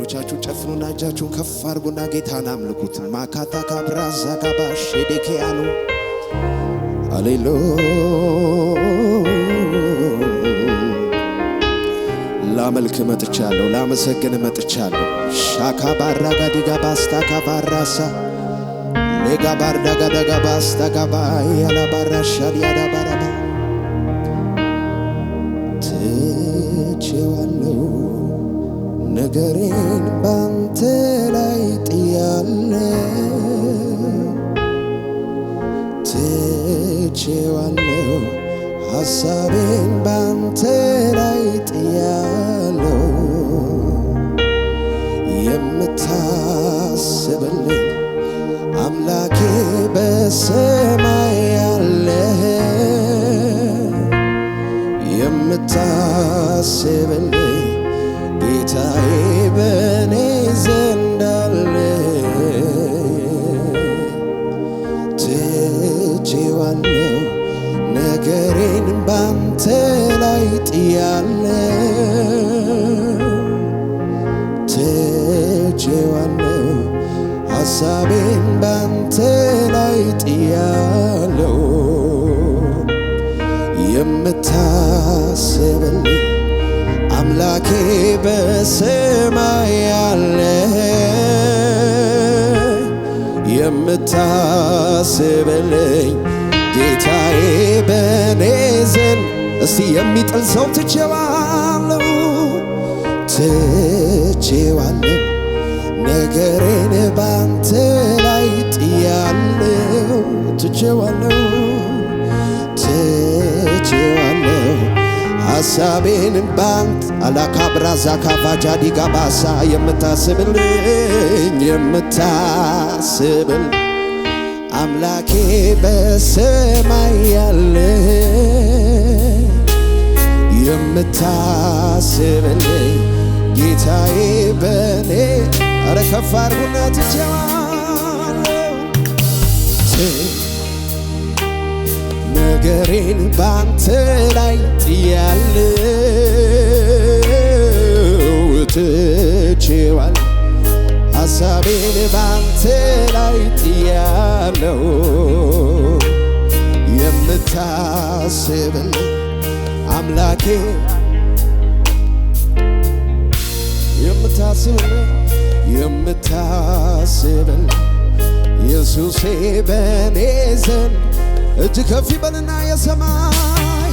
አይኖቻችሁን ጨፍኑና እጃችሁን ከፍ አድርጉና ጌታን አምልኩት። ማካታ ካብራዛ ጋባሽ ሄዴኬያ ነው። አሌሎ ላመልክ መጥቻለሁ፣ ላመሰግን መጥቻለሁ። ሻካ ባራ ጋዲጋ ባስታካ ባራሳ ሌጋ ባርዳጋዳጋ ባስታጋ ባያላ ባራሻ ዲያዳ ባራ ነገሬን ባንተ ላይ ጥያለው፣ ትቼዋለው ሐሳቤን ባንተ ባንተ ላይ ጥያለው ትቼዋለው ሐሳቤን ባንተ ላይ ጥያለው የምታስብልኝ አምላኬ በሰማይ ያለ የምታስብልኝ ጌታዬ በኔ ዘንድ እስቲ የሚጥል ሰው ትቼዋለሁ ትቼዋለሁ ነገሬን ባንተ ላይ ጥያለሁ ትቼዋለሁ ትቼዋለሁ ሐሳቤን ባንት አላካብራዛ የምታስብልኝ አምላኬ በሰማይ ያለ የምታስብልኝ ጌታዬ በኔ አረ ከፍ አርጉና ትጃለው ነገሬን ባንተ ላይ ጥያለው ትቼዋል ሐሳቤን ባንተ ላይ ጥያለው የምታስብል አምላኬ የምታስብል የምታስብል ኢየሱሴ በኔ ዘንድ እጅ ከፍ ይበልና የሰማይ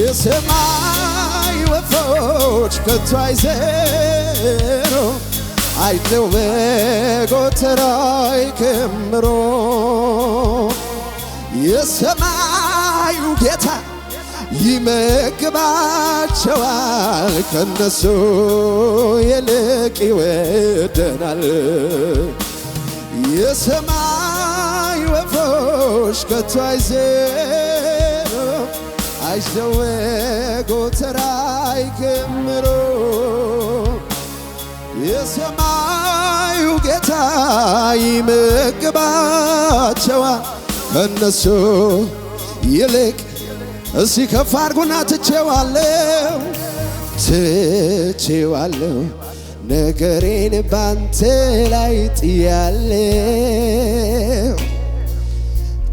የሰማይ ወፎች ከቶ አይዘሩም አይተው በጎተራይ ክምሮ የሰማዩ ጌታ ይመግባቸዋል ከነሱ ይልቅ ይወደናል። የሰማይ ወፎች ከቶ አይዘኑም አይዘወጎ ክምሮ የሰማዩ ጌታ ይመግባቸዋል ከነሱ ይልቅ እሲ ከፍ አድርጉና ትቼዋለሁ ትቼዋለሁ ነገሬን ባንተ ላይ ጥያለሁ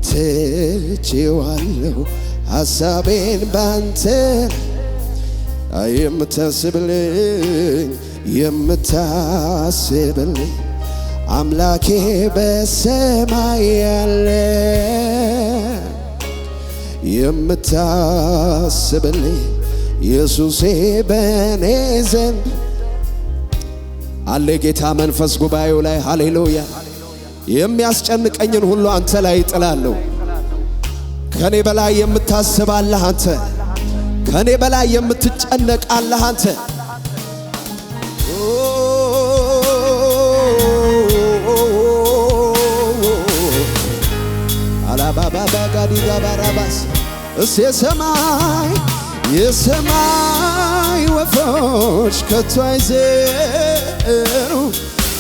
ትቼዋለሁ ሐሳቤን ባንተ የምታስብልኝ የምታስብልኝ አምላኬ በሰማይ ያለ የምታስብልኝ ኢየሱሴ በኔ ዘንድ አለ ጌታ መንፈስ ጉባኤው ላይ ሃሌሉያ። የሚያስጨንቀኝን ሁሉ አንተ ላይ ይጥላለሁ። ከኔ በላይ የምታስባለህ አንተ፣ ከኔ በላይ የምትጨነቃለህ አንተ ባጋዲጋ ባራባስ እስ የሰማይ የሰማይ ወፎች ከቶ አይዘሩ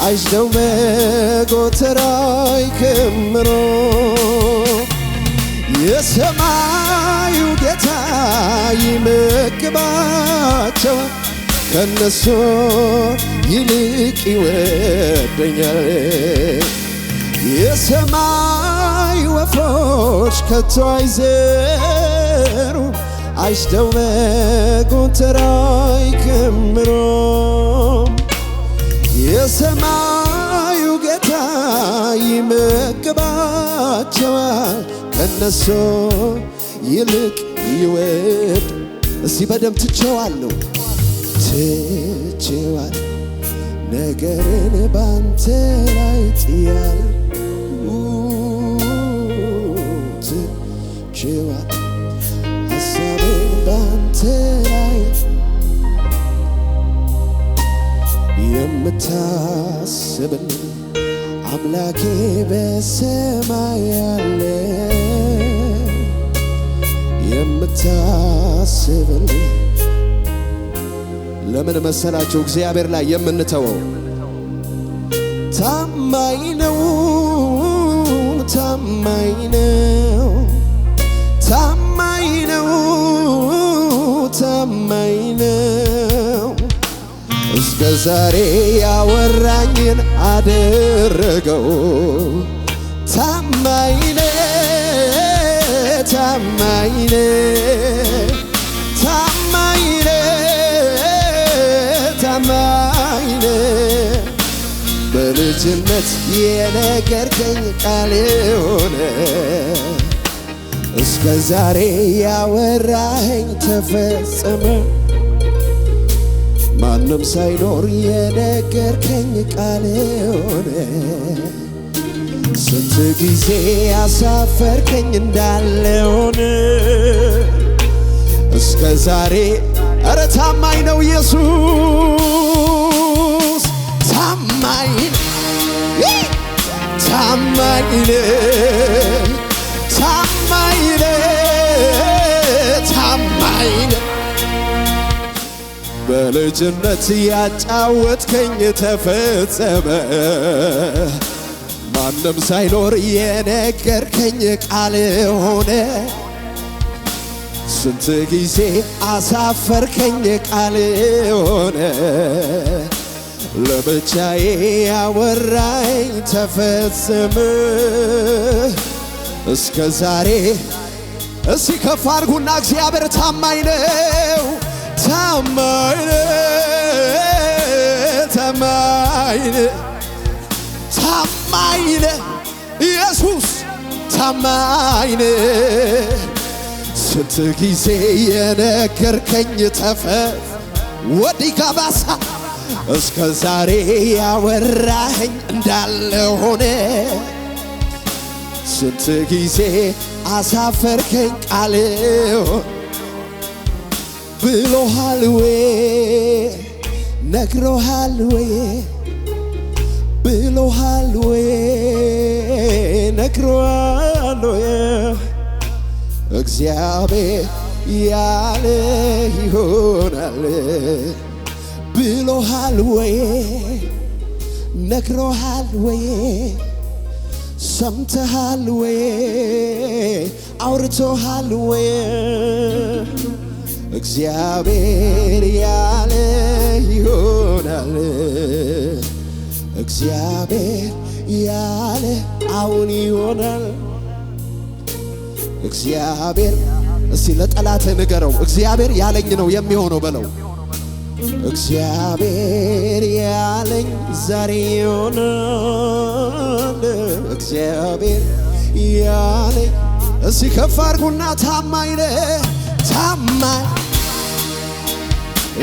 አይሽደው በጎተራይ ክምሮ የሰማዩ ጌታ ይመግባቸው ከነሱ ይልቅ ይወደኛል የሰማይ ወፎች ከቶ አይዘሩ አጭደው በጎተራ ይከምሮ የሰማዩ ጌታ ይመግባቸዋል ከነሱ ይልቅ ይወድ እዚህ በደም ትቼዋለሁ ትቼዋል ነገርን ባንተ ላይ ጥያል ተራይ የምታስብን አምላኬ በሰማይ ያለ የምታስብን ለምን መሰላችሁ እግዚአብሔር ላይ የምንተወው ታማኝ ነው ታማኝ ነው ታማኝ ነው ታማኝ ነው እስከ ዛሬ ያወራኝን አደረገው። ታማኝ ታማኝ ታማኝ ታማኝ በልጅነት የነገርከኝ ቃል የሆነ እስከ ዛሬ ያወራኸኝ ተፈጸመ፣ ማንም ሳይኖር የነገርከኝ ቃል ሆነ። ስንት ጊዜ ያሳፈርከኝ እንዳለ ሆነ እስከ ዛሬ። እረ ታማኝ ነው ኢየሱስ ታማኝ ታማኝ በልጅነት ያጫወትከኝ ተፈጸመ። ማንም ሳይኖር የነገርከኝ ቃል ሆነ። ስንት ጊዜ አሳፈርከኝ ቃል ሆነ። ለብቻዬ ያወራኝ ተፈጸመ። እስከ ዛሬ እስቲ ከፍ አድርጉና እግዚአብሔር ታማኝ ነው ታማኝ ነህ ታማኝ ኢየሱስ ታማኝ ስንት ጊዜ የነገርከኝ ተፈ ወዲህ ጋባሳ እስከ ዛሬ ያወራኸኝ እንዳለ ሆነ ስንት ጊዜ አሳፈርከኝ ቃል ብሎሃል ወይ ነግሮሃል ወይ ብሎሃል ወይ ነግሮሃል ወይ እግዚአብሔር ያለ ይሆናል ብሎሃል ወይ ነግሮሃል ወይ ሰምተሃል ወይ አውርቶሃል ወይ እግዚአብሔር ያለ ይሆናል። እግዚአብሔር ያለ አሁን ይሆናል። እግዚአብሔር እስቲ ለጠላት ንገረው፣ እግዚአብሔር ያለኝ ነው የሚሆነው በለው። እግዚአብሔር ያለኝ ዛሬ ይሆናል። እግዚአብሔር ያለኝ እስቲ ከፍ አድርጉና ታማኝ ነህ ታማኝ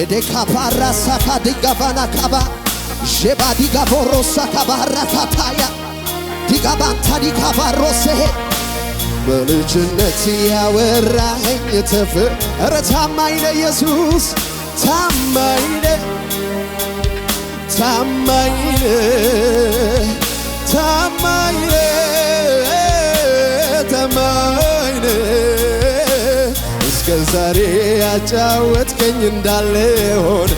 ኤዴካፓራሳታ ዲጋባና ካባ ዤባ ዲጋቦሮሳ ካባራታታያ ዲጋባንታ ዲካባሮሴሄ በልጅነት ያወራኸኝ ተፍር ኧረ ታማኝ ኢየሱስ ታማኝ ነህ ታማኝ ዛሬ ያጫወትከኝ እንዳለ ሆነ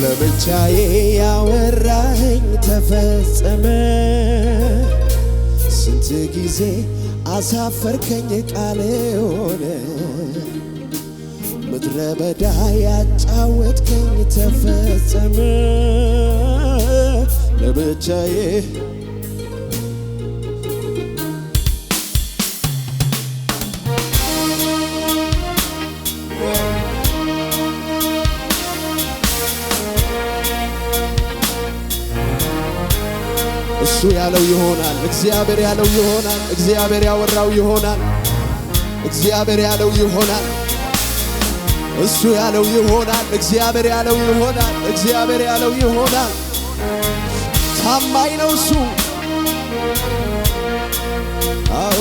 ለብቻዬ ያወራኸኝ ተፈጸመ። ስንት ጊዜ አሳፈርከኝ ቃል ሆነ ምድረ በዳ ያጫወትከኝ ተፈጸመ ለብቻዬ እሱ ያለው ይሆናል። እግዚአብሔር ያለው ይሆናል። እግዚአብሔር ያወራው ይሆናል። እግዚአብሔር ያለው ይሆናል። እሱ ያለው ይሆናል። እግዚአብሔር ያለው ይሆናል። እግዚአብሔር ያለው ይሆናል። ታማኝ ነው እሱ። አዎ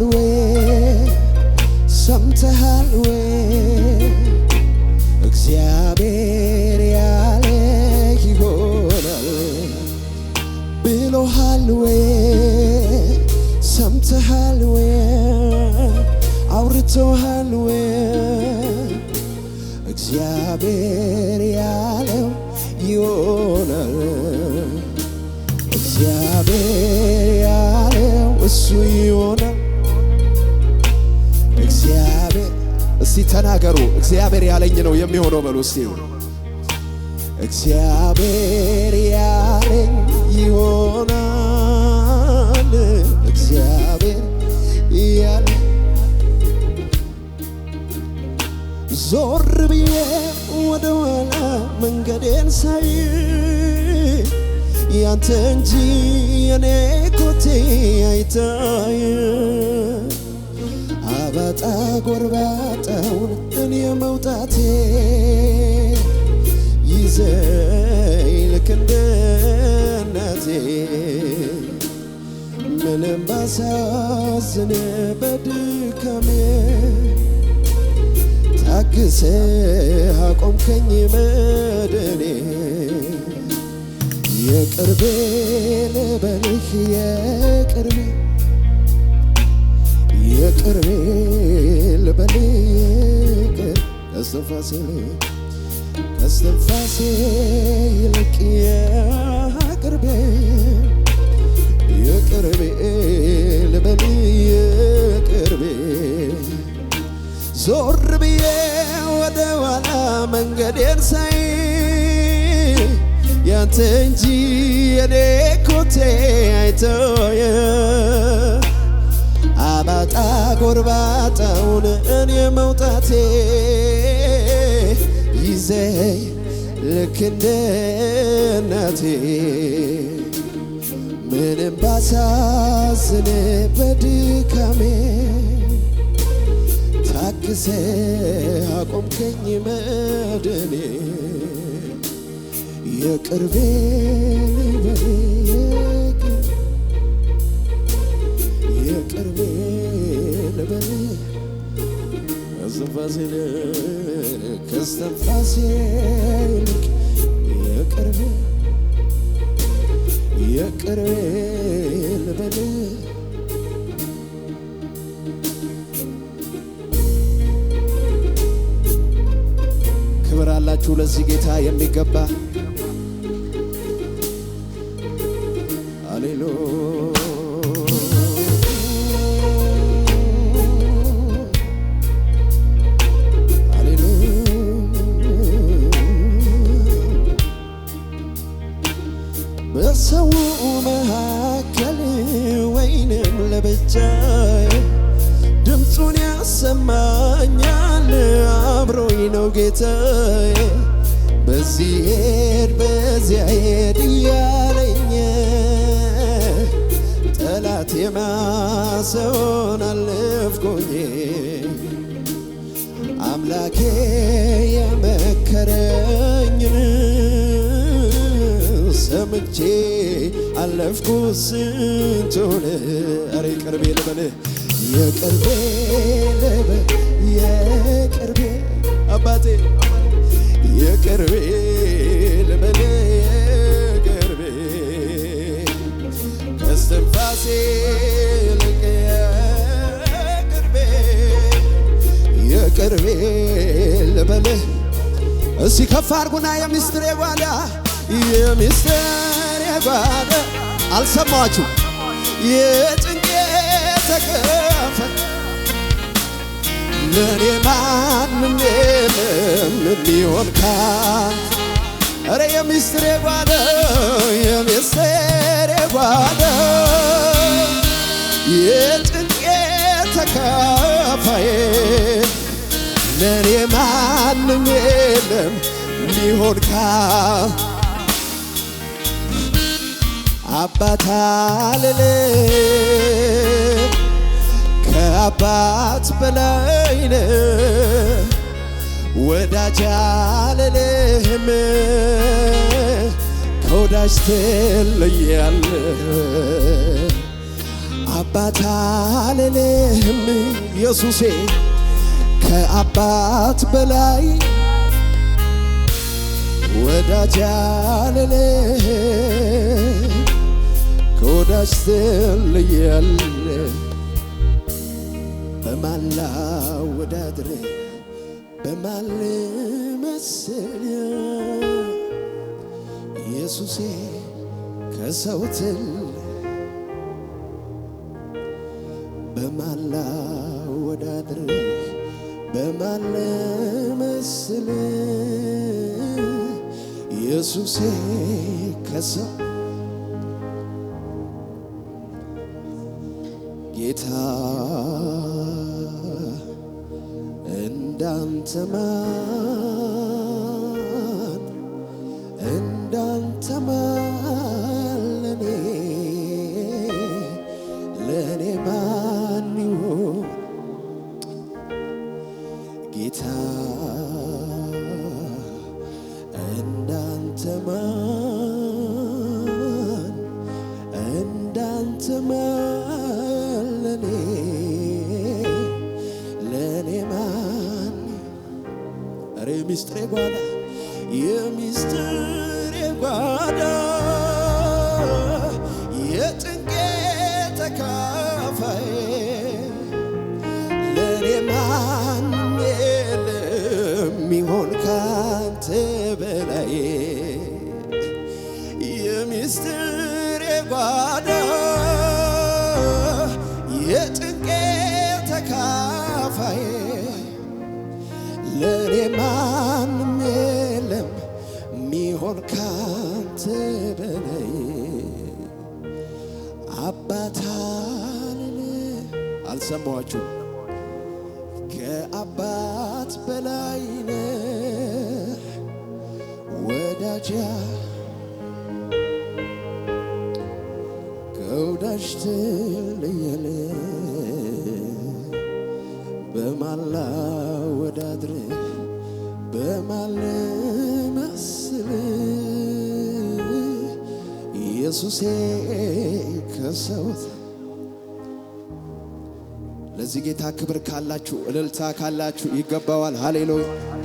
the way ውስጥ ይሁን። እግዚአብሔር ያለኝ ይሆናል። እግዚአብሔር ያለ ዞር ብዬ ወደ ኋላ መንገዴን ሳይ ያንተ እንጂ የኔ ኮቴ አይታይ አባጣ ጎርባጠውን እኔ መውጣቴ እሰይ ልክ እንደ ምንም ባሳዝን በድካሜ ታግሰ አቆምከኝ የቅርቤ ልበልህ የቅርቤ የቅርቤ ልበልህ እስትንፋሴ ከስትንፋሴ ይልቅ የቅርቤ የቅርቤ ልበል የቅርቤ ዞር ብዬ ወደ ኋላ መንገዴን ሳይ ያንተ እንጂ የኔ ኮቴ አይተወየ አባጣ ጎርባጣውን እኔ መውጣቴ ጊዜ ልክ እንደ እናቴ ምንም ባሳዝን በድካሜ ታክሰ አቆምከኝ መድኔ የቅርቤ ከትንፋሴ ይልቅ የቅርቤ የቅርቤ ልበል ክብር አላችሁ ለዚህ ጌታ የሚገባ አምላኬ የመከረኝን ሰምቼ አለፍኩ ስንቱን ኧረ የቅርቤ ልበል የቅርቤ ልበል የቅርቤ አባቴ የቅርቤ ልበል የቅርቤ ከስትንፋሴ ቅርቤ ልበልህ እስቲ ከፍ አድርጉና የሚስጥሬ ጓዳ የሚስጥሬ ጓዳ አልሰማችሁ የጭንቄ ተከፈተ ለኔ ማንም የለም የሚሆን ካንተ ኧረ የሚስጥሬ ጓዳ የሚስጥሬ ጓዳ የጭንቄ ተከፋዬ ለኔ ማንም የለም ሊሆን ከአባት አልልም ከአባት በላይ ነህ ወዳጅ አልልህም ከወዳጅ ትለያለህ አባት አልልህም ኢየሱሴ ከአባት በላይ ወዳጅ ያለለህ ከወዳጅ ትለያለህ በማላ ላወዳድር በማል ልመስል ኢየሱሴ ከሰው ትል በማን በማን ልመስል ኢየሱሴ ከሰው ጌታ እንዳንተማ ተካፋይ ሰማኋችሁ። ከአባት በላይ ነህ ወዳጃ ከወዳጅ ትለያለህ በማላ ወዳድርህ በማለ መስልህ ኢየሱሴ ከሰውት ለዚህ ጌታ ክብር ካላችሁ እልልታ ካላችሁ ይገባዋል። ሃሌሉያ